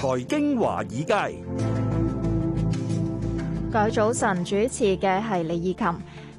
財經華爾街，改早晨主持嘅係李綺琴。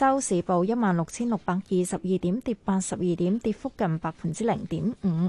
收市報一萬六千六百二十二點，跌八十二點，跌幅近百分之零點五。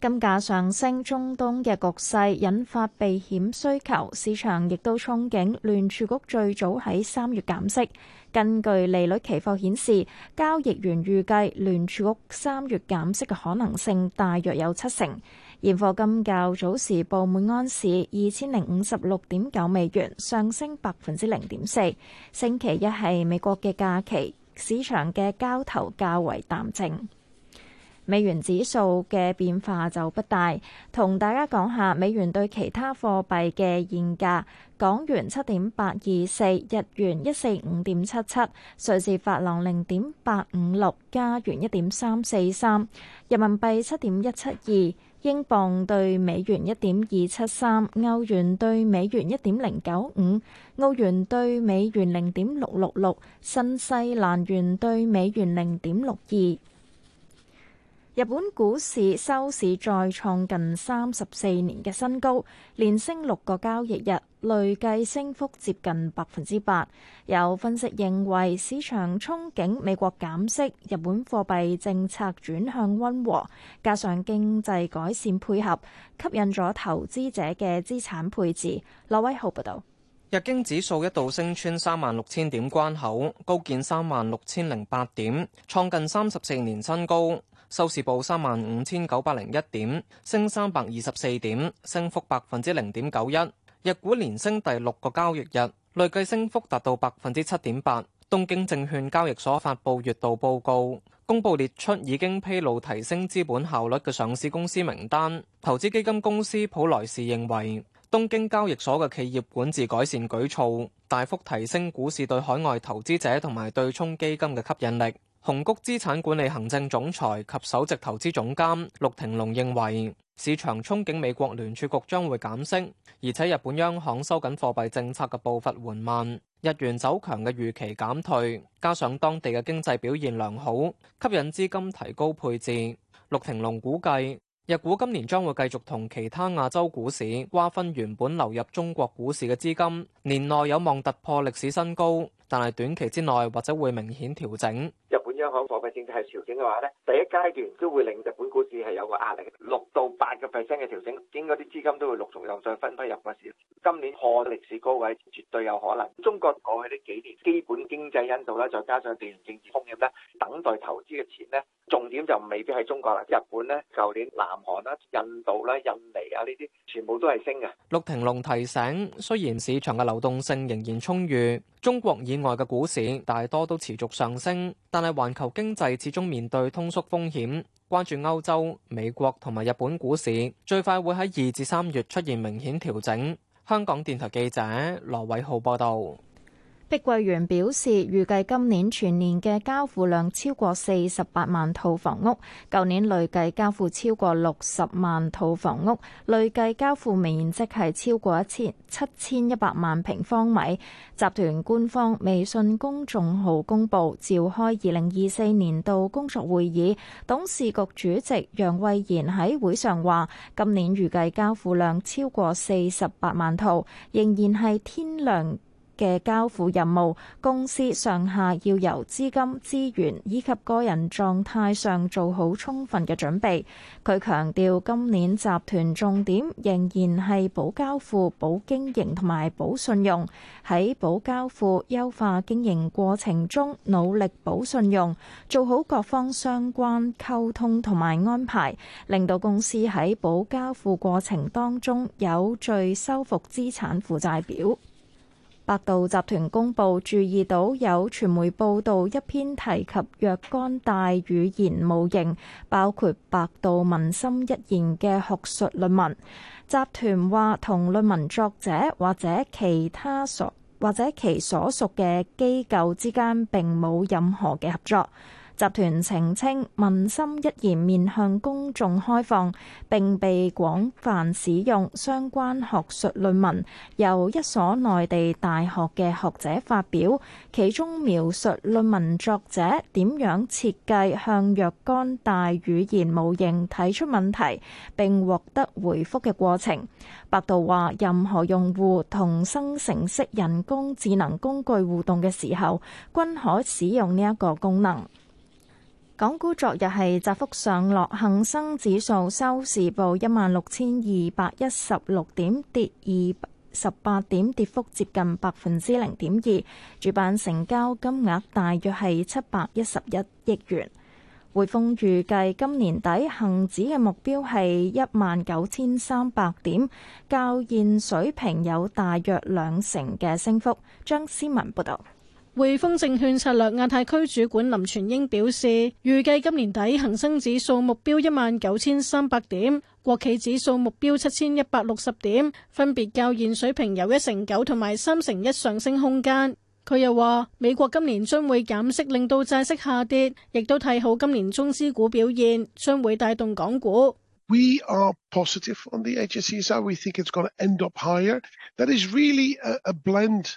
金價上升，中東嘅局勢引發避險需求，市場亦都憧憬聯儲局最早喺三月減息。根據利率期貨顯示，交易員預計聯儲局三月減息嘅可能性大約有七成。現貨金較早時報每安士二千零五十六點九美元，上升百分之零點四。星期一係美國嘅假期，市場嘅交投較為淡靜。美元指數嘅變化就不大，同大家講下美元對其他貨幣嘅現價：港元七點八二四，日元一四五點七七，瑞士法郎零點八五六，加元一點三四三，人民幣七點一七二，英鎊對美元一點二七三，歐元對美元一點零九五，澳元對美元零點六六六，新西蘭元對美元零點六二。日本股市收市再創近三十四年嘅新高，連升六個交易日，累計升幅接近百分之八。有分析認為，市場憧憬美國減息，日本貨幣政策轉向温和，加上經濟改善配合，吸引咗投資者嘅資產配置。羅威浩報道，日經指數一度升穿三萬六千點關口，高見三萬六千零八點，創近三十四年新高。收市報三萬五千九百零一點，升三百二十四點，升幅百分之零點九一。日股連升第六個交易日，累計升幅達到百分之七點八。東京證券交易所發佈月度報告，公佈列出已經披露提升資本效率嘅上市公司名單。投資基金公司普萊士認為，東京交易所嘅企業管治改善舉措，大幅提升股市對海外投資者同埋對沖基金嘅吸引力。紅谷資產管理行政總裁及首席投資總監陸廷龍認為，市場憧憬美國聯儲局將會減息，而且日本央行收緊貨幣政策嘅步伐緩慢，日元走強嘅預期減退，加上當地嘅經濟表現良好，吸引資金提高配置。陸廷龍估計，日股今年將會繼續同其他亞洲股市瓜分原本流入中國股市嘅資金，年內有望突破歷史新高，但係短期之內或者會明顯調整。港貨幣政策係調整嘅話咧，第一階段都會令日本股市係有個壓力，六到八個 percent 嘅調整，應該啲資金都會陸續又再分批入股市。今年破歷史高位絕對有可能。中國過去呢幾年基本經濟因素咧，再加上地緣政治風險咧，等待投資嘅錢咧，重點就未必係中國啦。日本咧，舊年南韓啦、啊、印度啦、啊、印尼啊，呢啲全部都係升嘅。陸廷龍提醒，雖然市場嘅流動性仍然充裕，中國以外嘅股市大多都持續上升，但係環球經濟始終面對通縮風險，關注歐洲、美國同埋日本股市，最快會喺二至三月出現明顯調整。香港電台記者羅偉浩報道。碧桂園表示，預計今年全年嘅交付量超過四十八萬套房屋，舊年累計交付超過六十萬套房屋，累計交付面積係超過一千七千一百萬平方米。集團官方微信公眾號公佈，召開二零二四年度工作會議，董事局主席楊惠妍喺會上話：今年預計交付量超過四十八萬套，仍然係天量。嘅交付任務，公司上下要由資金、資源以及個人狀態上做好充分嘅準備。佢強調，今年集團重點仍然係保交付、保經營同埋保信用。喺保交付優化經營過程中，努力保信用，做好各方相關溝通同埋安排，令到公司喺保交付過程當中有序修復資產負債表。百度集團公佈，注意到有傳媒報道一篇提及若干大語言模型，包括百度文心一言嘅學術論文。集團話同論文作者或者其他所或者其所屬嘅機構之間並冇任何嘅合作。集團澄清，文心一言面向公眾開放並被廣泛使用。相關學術論文由一所內地大學嘅學者發表，其中描述論文作者點樣設計向若干大語言模型提出問題並獲得回覆嘅過程。百度話，任何用戶同生成式人工智能工具互動嘅時候，均可使用呢一個功能。港股昨日係窄幅上落，恒生指數收市報一萬六千二百一十六點，跌二十八點，跌幅接近百分之零點二。主板成交金額大約係七百一十一億元。匯豐預計今年底恒指嘅目標係一萬九千三百點，較現水平有大約兩成嘅升幅。張思文報導。匯豐證券策略亞太區主管林全英表示，預計今年底恒生指數目標一萬九千三百點，國企指數目標七千一百六十點，分別較現水平有一成九同埋三成一上升空間。佢又話，美國今年將會減息，令到債息下跌，亦都睇好今年中資股表現，將會帶動港股。We are positive on the HSCE. We think it's going to end up higher. That is really a blend.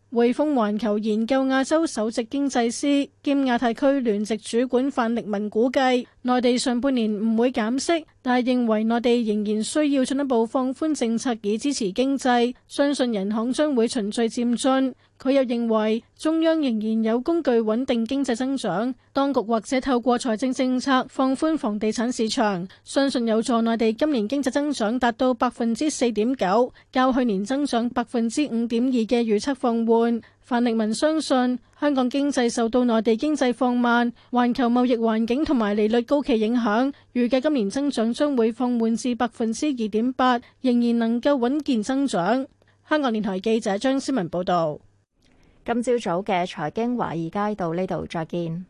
匯豐環球研究亞洲首席經濟師兼亞太區聯席主管范力文估計，內地上半年唔會減息。但係認為內地仍然需要進一步放寬政策以支持經濟，相信人行將會循序漸進，佢又認為中央仍然有工具穩定經濟增長，當局或者透過財政政策放寬房地產市場，相信有助內地今年經濟增長達到百分之四點九，較去年增長百分之五點二嘅預測放緩。范力文相信香港經濟受到內地經濟放慢、環球貿易環境同埋利率高企影響，預計今年增長將會放緩至百分之二點八，仍然能夠穩健增長。香港電台記者張思文報道。今朝早嘅財經華爾街到呢度再見。